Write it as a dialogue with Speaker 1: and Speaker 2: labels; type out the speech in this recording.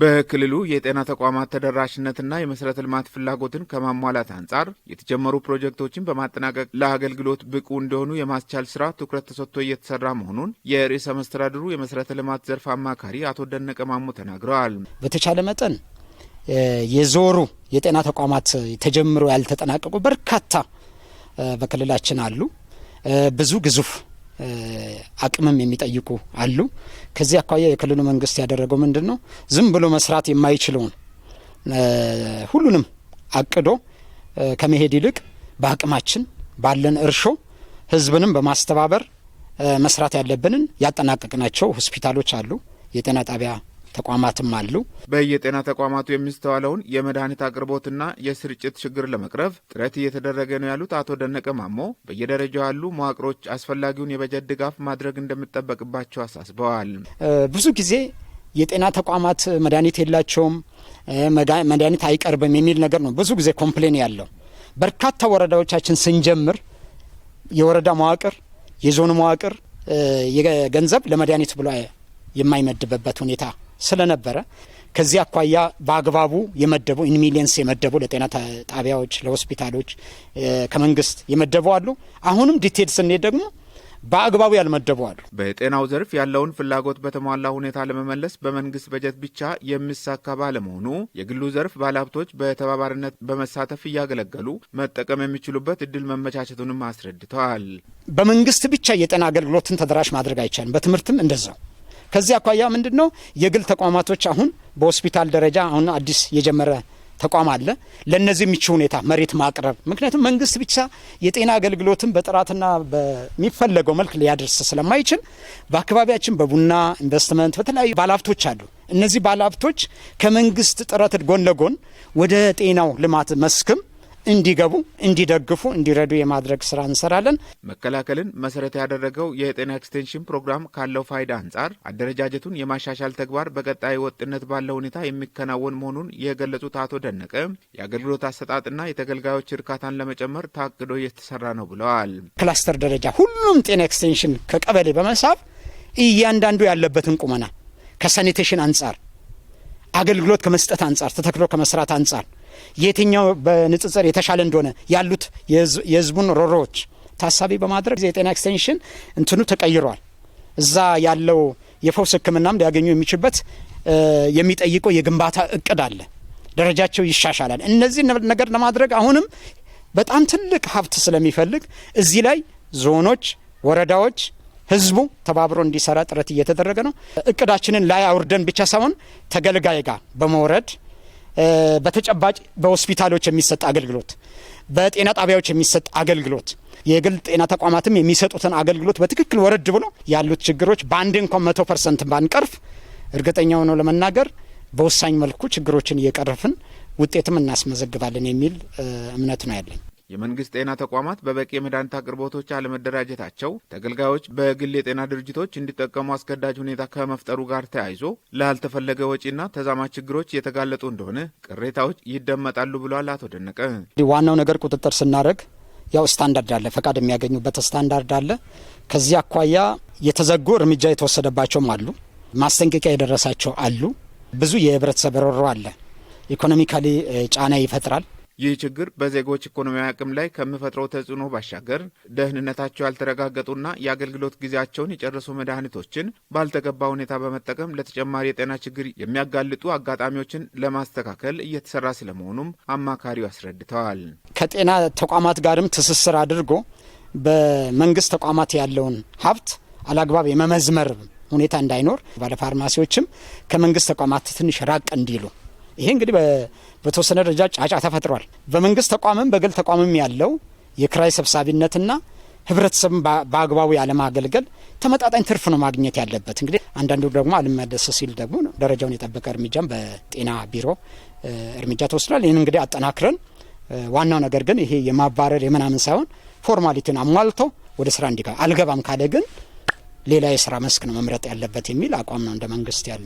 Speaker 1: በክልሉ የጤና ተቋማት ተደራሽነትና የመሰረተ ልማት ፍላጎትን ከማሟላት አንጻር የተጀመሩ ፕሮጀክቶችን በማጠናቀቅ ለአገልግሎት ብቁ እንደሆኑ የማስቻል ስራ ትኩረት ተሰጥቶ እየተሰራ መሆኑን የርዕሰ መስተዳድሩ የመሰረተ ልማት ዘርፍ አማካሪ አቶ ደነቀ ማሞ ተናግረዋል።
Speaker 2: በተቻለ መጠን የዞሩ የጤና ተቋማት ተጀምሮ ያልተጠናቀቁ በርካታ በክልላችን አሉ። ብዙ ግዙፍ አቅምም የሚጠይቁ አሉ። ከዚህ አኳያ የክልሉ መንግስት ያደረገው ምንድን ነው? ዝም ብሎ መስራት የማይችለውን ሁሉንም አቅዶ ከመሄድ ይልቅ በአቅማችን ባለን እርሾ ህዝብንም በማስተባበር መስራት ያለብንን ያጠናቀቅናቸው ሆስፒታሎች አሉ፣ የጤና ጣቢያ ተቋማትም አሉ።
Speaker 1: በየጤና ተቋማቱ የሚስተዋለውን የመድኃኒት አቅርቦትና የስርጭት ችግር ለመቅረፍ ጥረት እየተደረገ ነው ያሉት አቶ ደነቀ ማሞ በየደረጃው ያሉ መዋቅሮች አስፈላጊውን የበጀት ድጋፍ ማድረግ እንደሚጠበቅባቸው አሳስበዋል።
Speaker 2: ብዙ ጊዜ የጤና ተቋማት መድኃኒት የላቸውም፣ መድኃኒት አይቀርብም የሚል ነገር ነው ብዙ ጊዜ ኮምፕሌን ያለው። በርካታ ወረዳዎቻችን ስንጀምር የወረዳ መዋቅር፣ የዞን መዋቅር ገንዘብ ለመድኃኒት ብሎ የማይመድብበት ሁኔታ ስለነበረ ከዚህ አኳያ በአግባቡ የመደቡ ኢንሚሊየንስ የመደቡ ለጤና ጣቢያዎች፣ ለሆስፒታሎች ከመንግስት የመደቡ አሉ። አሁንም ዲቴል ስንሄድ ደግሞ በአግባቡ ያልመደቡ አሉ።
Speaker 1: በጤናው ዘርፍ ያለውን ፍላጎት በተሟላ ሁኔታ ለመመለስ በመንግስት በጀት ብቻ የሚሳካ ባለመሆኑ የግሉ ዘርፍ ባለሀብቶች በተባባሪነት በመሳተፍ እያገለገሉ መጠቀም የሚችሉበት እድል መመቻቸቱንም አስረድተዋል።
Speaker 2: በመንግስት ብቻ የጤና አገልግሎትን ተደራሽ ማድረግ አይቻልም። በትምህርትም እንደዛው ከዚህ አኳያ ምንድን ነው የግል ተቋማቶች አሁን በሆስፒታል ደረጃ አሁን አዲስ የጀመረ ተቋም አለ። ለእነዚህ ምቹ ሁኔታ መሬት ማቅረብ፣ ምክንያቱም መንግስት ብቻ የጤና አገልግሎትን በጥራትና በሚፈለገው መልክ ሊያደርስ ስለማይችል በአካባቢያችን በቡና ኢንቨስትመንት በተለያዩ ባለሀብቶች አሉ። እነዚህ ባለሀብቶች ከመንግስት ጥረት ጎን ለጎን ወደ ጤናው ልማት መስክም እንዲገቡ፣ እንዲደግፉ፣ እንዲረዱ የማድረግ ስራ እንሰራለን።
Speaker 1: መከላከልን መሰረት ያደረገው የጤና ኤክስቴንሽን ፕሮግራም ካለው ፋይዳ አንጻር አደረጃጀቱን የማሻሻል ተግባር በቀጣይ ወጥነት ባለው ሁኔታ የሚከናወን መሆኑን የገለጹት አቶ ደነቀ የአገልግሎት አሰጣጥና የተገልጋዮች እርካታን ለመጨመር ታቅዶ እየተሰራ ነው ብለዋል።
Speaker 2: ክላስተር ደረጃ ሁሉም ጤና ኤክስቴንሽን ከቀበሌ በመሳብ እያንዳንዱ ያለበትን ቁመና ከሳኒቴሽን አንጻር አገልግሎት ከመስጠት አንጻር ተተክሎ ከመስራት አንጻር የትኛው በንጽጽር የተሻለ እንደሆነ ያሉት የህዝቡን ሮሮዎች ታሳቢ በማድረግ የጤና ኤክስቴንሽን እንትኑ ተቀይሯል። እዛ ያለው የፈውስ ህክምናም ሊያገኙ የሚችልበት የሚጠይቀው የግንባታ እቅድ አለ። ደረጃቸው ይሻሻላል። እነዚህ ነገር ለማድረግ አሁንም በጣም ትልቅ ሀብት ስለሚፈልግ እዚህ ላይ ዞኖች፣ ወረዳዎች፣ ህዝቡ ተባብሮ እንዲሰራ ጥረት እየተደረገ ነው። እቅዳችንን ላይ አውርደን ብቻ ሳይሆን ተገልጋይ ጋር በመውረድ በተጨባጭ በሆስፒታሎች የሚሰጥ አገልግሎት፣ በጤና ጣቢያዎች የሚሰጥ አገልግሎት፣ የግል ጤና ተቋማትም የሚሰጡትን አገልግሎት በትክክል ወረድ ብሎ ያሉት ችግሮች በአንድ እንኳን መቶ ፐርሰንት ባንቀርፍ እርግጠኛ ሆነው ለመናገር በወሳኝ መልኩ ችግሮችን እየቀረፍን ውጤትም እናስመዘግባለን የሚል እምነት ነው ያለኝ።
Speaker 1: የመንግስት ጤና ተቋማት በበቂ የመድኃኒት አቅርቦቶች አለመደራጀታቸው ተገልጋዮች በግል የጤና ድርጅቶች እንዲጠቀሙ አስገዳጅ ሁኔታ ከመፍጠሩ ጋር ተያይዞ ላልተፈለገ ወጪና ተዛማች ችግሮች የተጋለጡ እንደሆነ ቅሬታዎች ይደመጣሉ ብሏል አቶ ደነቀ።
Speaker 2: ዋናው ነገር ቁጥጥር ስናደርግ ያው ስታንዳርድ አለ፣ ፈቃድ የሚያገኙበት ስታንዳርድ አለ። ከዚህ አኳያ የተዘጉ እርምጃ የተወሰደባቸውም አሉ፣ ማስጠንቀቂያ የደረሳቸው አሉ። ብዙ የህብረተሰብ ሮሮ አለ። ኢኮኖሚካሊ ጫና ይፈጥራል።
Speaker 1: ይህ ችግር በዜጎች ኢኮኖሚያዊ አቅም ላይ ከሚፈጥረው ተጽዕኖ ባሻገር ደህንነታቸው ያልተረጋገጡና የአገልግሎት ጊዜያቸውን የጨረሱ መድኃኒቶችን ባልተገባ ሁኔታ በመጠቀም ለተጨማሪ የጤና ችግር የሚያጋልጡ አጋጣሚዎችን ለማስተካከል እየተሰራ ስለመሆኑም አማካሪው አስረድተዋል።
Speaker 2: ከጤና ተቋማት ጋርም ትስስር አድርጎ በመንግስት ተቋማት ያለውን ሀብት አላግባብ የመመዝመር ሁኔታ እንዳይኖር ባለፋርማሲዎችም ከመንግስት ተቋማት ትንሽ ራቅ እንዲሉ ይሄ እንግዲህ በተወሰነ ደረጃ ጫጫ ተፈጥሯል። በመንግስት ተቋምም በግል ተቋምም ያለው የክራይ ሰብሳቢነትና ህብረተሰብን በአግባቡ ያለማገልገል ተመጣጣኝ ትርፍ ነው ማግኘት ያለበት። እንግዲህ አንዳንዱ ደግሞ አልመለስ ሲል ደግሞ ደረጃውን የጠበቀ እርምጃም በጤና ቢሮ እርምጃ ተወስዷል። ይህን እንግዲህ አጠናክረን ዋናው ነገር ግን ይሄ የማባረር የምናምን ሳይሆን ፎርማሊቲን አሟልቶ ወደ ስራ እንዲገባ አልገባም ካለ ግን ሌላ የስራ መስክ ነው መምረጥ ያለበት የሚል አቋም ነው እንደ መንግስት ያለ